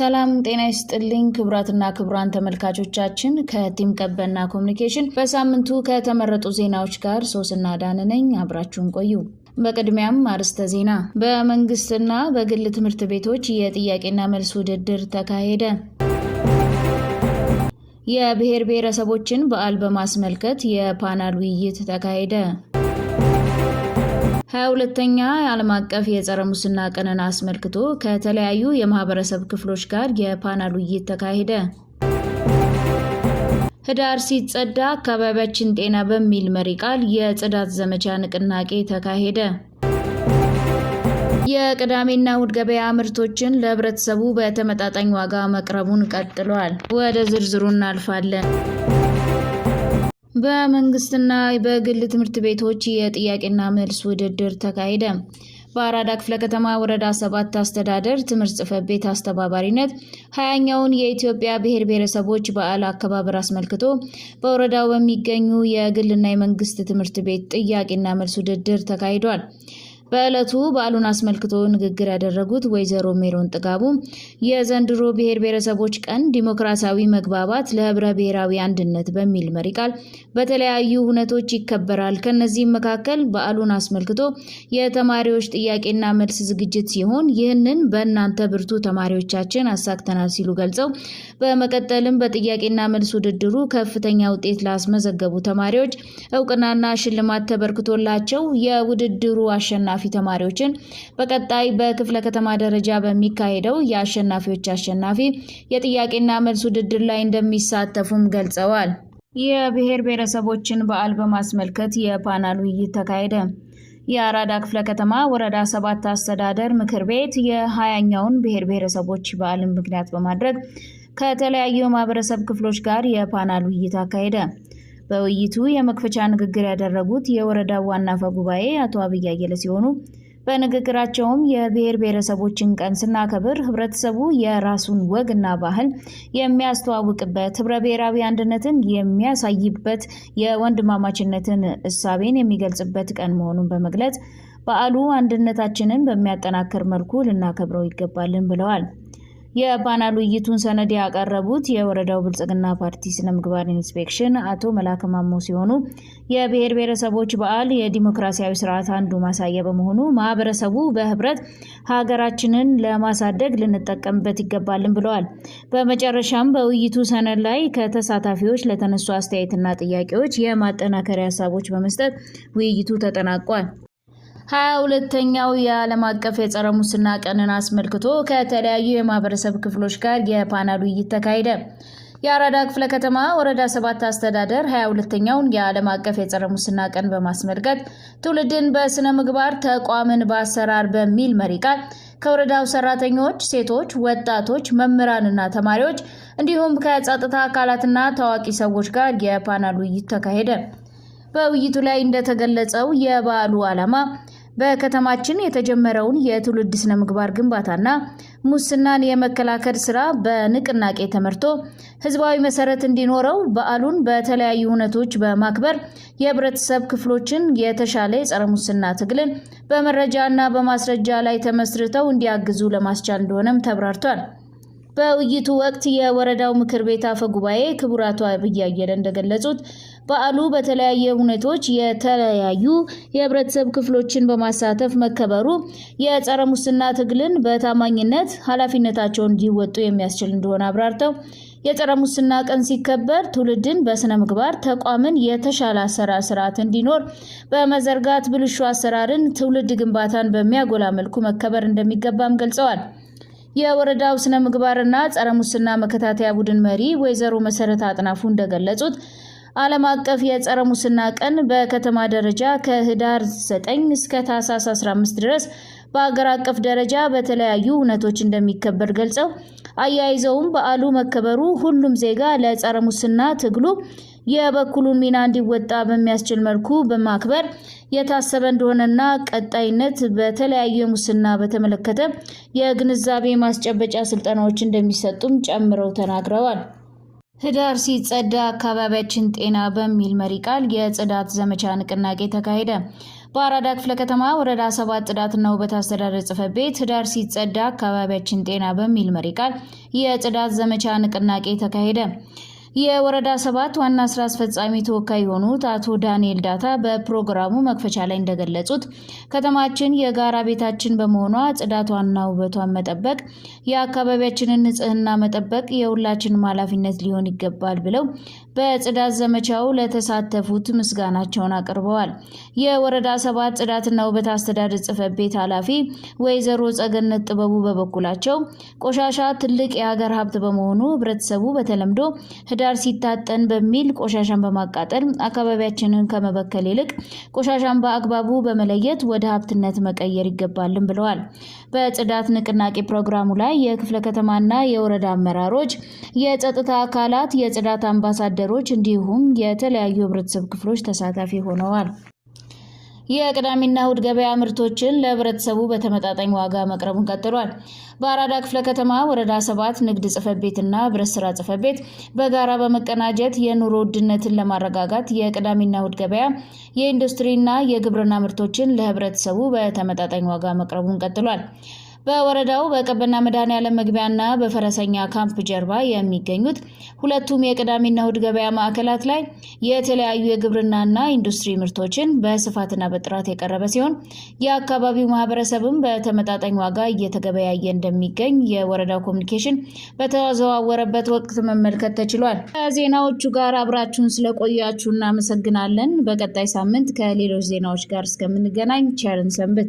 ሰላም ጤና ይስጥልኝ ክቡራትና ክቡራን ተመልካቾቻችን፣ ከቲም ቀበና ኮሚኒኬሽን በሳምንቱ ከተመረጡ ዜናዎች ጋር ሶስና ዳን ነኝ። አብራችሁን ቆዩ። በቅድሚያም አርዕስተ ዜና። በመንግስትና በግል ትምህርት ቤቶች የጥያቄና መልስ ውድድር ተካሄደ። የብሔር ብሔረሰቦችን በዓል በማስመልከት የፓናል ውይይት ተካሄደ። 22 ሁለተኛ ዓለም አቀፍ የጸረ ሙስና ቀንን አስመልክቶ ከተለያዩ የማህበረሰብ ክፍሎች ጋር የፓናል ውይይት ተካሄደ። ህዳር ሲጸዳ አካባቢያችን ጤና በሚል መሪ ቃል የጽዳት ዘመቻ ንቅናቄ ተካሄደ። የቅዳሜና እሁድ ገበያ ምርቶችን ለህብረተሰቡ በተመጣጣኝ ዋጋ መቅረቡን ቀጥሏል። ወደ ዝርዝሩ እናልፋለን። በመንግስትና በግል ትምህርት ቤቶች የጥያቄና መልስ ውድድር ተካሄደ። በአራዳ ክፍለ ከተማ ወረዳ ሰባት አስተዳደር ትምህርት ጽፈት ቤት አስተባባሪነት ሀያኛውን የኢትዮጵያ ብሔር ብሔረሰቦች በዓል አከባበር አስመልክቶ በወረዳው በሚገኙ የግልና የመንግስት ትምህርት ቤት ጥያቄና መልስ ውድድር ተካሂዷል። በዕለቱ በዓሉን አስመልክቶ ንግግር ያደረጉት ወይዘሮ ሜሮን ጥጋቡ የዘንድሮ ብሔር ብሔረሰቦች ቀን ዲሞክራሲያዊ መግባባት ለህብረ ብሔራዊ አንድነት በሚል መሪ ቃል በተለያዩ ሁነቶች ይከበራል። ከነዚህም መካከል በዓሉን አስመልክቶ የተማሪዎች ጥያቄና መልስ ዝግጅት ሲሆን ይህንን በእናንተ ብርቱ ተማሪዎቻችን አሳክተናል ሲሉ ገልጸው በመቀጠልም በጥያቄና መልስ ውድድሩ ከፍተኛ ውጤት ላስመዘገቡ ተማሪዎች እውቅናና ሽልማት ተበርክቶላቸው የውድድሩ አሸናፊ አሸናፊ ተማሪዎችን በቀጣይ በክፍለ ከተማ ደረጃ በሚካሄደው የአሸናፊዎች አሸናፊ የጥያቄና መልስ ውድድር ላይ እንደሚሳተፉም ገልጸዋል። የብሔር ብሔረሰቦችን በዓል በማስመልከት የፓናል ውይይት ተካሄደ። የአራዳ ክፍለ ከተማ ወረዳ ሰባት አስተዳደር ምክር ቤት የሀያኛውን ብሔር ብሔረሰቦች በዓልን ምክንያት በማድረግ ከተለያዩ ማህበረሰብ ክፍሎች ጋር የፓናል ውይይት አካሄደ። በውይይቱ የመክፈቻ ንግግር ያደረጉት የወረዳው ዋና አፈ ጉባኤ አቶ አብይ አየለ ሲሆኑ በንግግራቸውም የብሔር ብሔረሰቦችን ቀን ስናከብር ህብረተሰቡ የራሱን ወግና ባህል የሚያስተዋውቅበት፣ ህብረ ብሔራዊ አንድነትን የሚያሳይበት፣ የወንድማማችነትን እሳቤን የሚገልጽበት ቀን መሆኑን በመግለጽ በዓሉ አንድነታችንን በሚያጠናክር መልኩ ልናከብረው ይገባልን ብለዋል። የባናሉ ውይይቱን ሰነድ ያቀረቡት የወረዳው ብልጽግና ፓርቲ ስነ ምግባር ኢንስፔክሽን አቶ መላከ ማሞ ሲሆኑ የብሔር ብሔረሰቦች በዓል የዲሞክራሲያዊ ስርዓት አንዱ ማሳያ በመሆኑ ማህበረሰቡ በህብረት ሀገራችንን ለማሳደግ ልንጠቀምበት ይገባልን ብለዋል። በመጨረሻም በውይይቱ ሰነድ ላይ ከተሳታፊዎች ለተነሱ አስተያየትና ጥያቄዎች የማጠናከሪያ ሀሳቦች በመስጠት ውይይቱ ተጠናቋል። ሀያ ሁለተኛው የዓለም አቀፍ የጸረ ሙስና ቀንን አስመልክቶ ከተለያዩ የማህበረሰብ ክፍሎች ጋር የፓናል ውይይት ተካሄደ። የአራዳ ክፍለ ከተማ ወረዳ ሰባት አስተዳደር ሀያ ሁለተኛውን የዓለም አቀፍ የጸረ ሙስና ቀን በማስመልከት ትውልድን በስነ ምግባር ተቋምን በአሰራር በሚል መሪ ቃል ከወረዳው ሰራተኞች፣ ሴቶች፣ ወጣቶች፣ መምህራንና ተማሪዎች እንዲሁም ከጸጥታ አካላትና ታዋቂ ሰዎች ጋር የፓናል ውይይት ተካሄደ። በውይይቱ ላይ እንደተገለጸው የበዓሉ ዓላማ በከተማችን የተጀመረውን የትውልድ ስነ ምግባር ግንባታና ሙስናን የመከላከል ስራ በንቅናቄ ተመርቶ ህዝባዊ መሰረት እንዲኖረው በዓሉን በተለያዩ ሁነቶች በማክበር የህብረተሰብ ክፍሎችን የተሻለ የጸረ ሙስና ትግልን በመረጃና በማስረጃ ላይ ተመስርተው እንዲያግዙ ለማስቻል እንደሆነም ተብራርቷል። በውይይቱ ወቅት የወረዳው ምክር ቤት አፈ ጉባኤ ክቡር አቶ አብይ አየለ እንደገለጹት በዓሉ በተለያየ ሁኔታዎች የተለያዩ የህብረተሰብ ክፍሎችን በማሳተፍ መከበሩ የጸረ ሙስና ትግልን በታማኝነት ኃላፊነታቸውን እንዲወጡ የሚያስችል እንደሆነ አብራርተው የጸረ ሙስና ቀን ሲከበር ትውልድን በስነ ምግባር ተቋምን የተሻለ አሰራር ስርዓት እንዲኖር በመዘርጋት ብልሹ አሰራርን ትውልድ ግንባታን በሚያጎላ መልኩ መከበር እንደሚገባም ገልጸዋል። የወረዳው ስነ ምግባርና ጸረ ሙስና መከታተያ ቡድን መሪ ወይዘሮ መሰረት አጥናፉ እንደገለጹት ዓለም አቀፍ የጸረ ሙስና ቀን በከተማ ደረጃ ከህዳር 9 እስከ ታህሳስ 15 ድረስ በአገር አቀፍ ደረጃ በተለያዩ እውነቶች እንደሚከበር ገልጸው አያይዘውም በዓሉ መከበሩ ሁሉም ዜጋ ለጸረ ሙስና ትግሉ የበኩሉን ሚና እንዲወጣ በሚያስችል መልኩ በማክበር የታሰበ እንደሆነና ቀጣይነት በተለያዩ የሙስና በተመለከተ የግንዛቤ ማስጨበጫ ስልጠናዎች እንደሚሰጡም ጨምረው ተናግረዋል። ህዳር ሲጸዳ አካባቢያችን ጤና በሚል መሪ ቃል የጽዳት ዘመቻ ንቅናቄ ተካሄደ። በአራዳ ክፍለ ከተማ ወረዳ ሰባት ጽዳትና ውበት አስተዳደር ጽሕፈት ቤት ህዳር ሲጸዳ አካባቢያችን ጤና በሚል መሪ ቃል የጽዳት ዘመቻ ንቅናቄ ተካሄደ። የወረዳ ሰባት ዋና ስራ አስፈጻሚ ተወካይ የሆኑት አቶ ዳንኤል ዳታ በፕሮግራሙ መክፈቻ ላይ እንደገለጹት ከተማችን የጋራ ቤታችን በመሆኗ ጽዳቷና ውበቷን መጠበቅ፣ የአካባቢያችንን ንጽህና መጠበቅ የሁላችንም ኃላፊነት ሊሆን ይገባል ብለው በጽዳት ዘመቻው ለተሳተፉት ምስጋናቸውን አቅርበዋል። የወረዳ ሰባት ጽዳትና ውበት አስተዳደር ጽህፈት ቤት ኃላፊ ወይዘሮ ጸገነት ጥበቡ በበኩላቸው ቆሻሻ ትልቅ የሀገር ሀብት በመሆኑ ህብረተሰቡ በተለምዶ ዳር ሲታጠን በሚል ቆሻሻን በማቃጠል አካባቢያችንን ከመበከል ይልቅ ቆሻሻን በአግባቡ በመለየት ወደ ሀብትነት መቀየር ይገባልን ብለዋል። በጽዳት ንቅናቄ ፕሮግራሙ ላይ የክፍለ ከተማና የወረዳ አመራሮች፣ የጸጥታ አካላት፣ የጽዳት አምባሳደሮች እንዲሁም የተለያዩ ህብረተሰብ ክፍሎች ተሳታፊ ሆነዋል። የቅዳሜና እሁድ ገበያ ምርቶችን ለህብረተሰቡ በተመጣጣኝ ዋጋ መቅረቡን ቀጥሏል። በአራዳ ክፍለ ከተማ ወረዳ ሰባት ንግድ ጽሕፈት ቤትና ህብረት ስራ ጽሕፈት ቤት በጋራ በመቀናጀት የኑሮ ውድነትን ለማረጋጋት የቅዳሜና እሁድ ገበያ የኢንዱስትሪና የግብርና ምርቶችን ለህብረተሰቡ በተመጣጣኝ ዋጋ መቅረቡን ቀጥሏል። በወረዳው በቀበና መድኃኔዓለም መግቢያና በፈረሰኛ ካምፕ ጀርባ የሚገኙት ሁለቱም የቅዳሜና እሁድ ገበያ ማዕከላት ላይ የተለያዩ የግብርናና ኢንዱስትሪ ምርቶችን በስፋትና በጥራት የቀረበ ሲሆን የአካባቢው ማህበረሰብም በተመጣጣኝ ዋጋ እየተገበያየ እንደሚገኝ የወረዳው ኮሚኒኬሽን በተዘዋወረበት ወቅት መመልከት ተችሏል። ከዜናዎቹ ጋር አብራችሁን ስለቆያችሁ እናመሰግናለን። በቀጣይ ሳምንት ከሌሎች ዜናዎች ጋር እስከምንገናኝ ቸርን ሰንብት።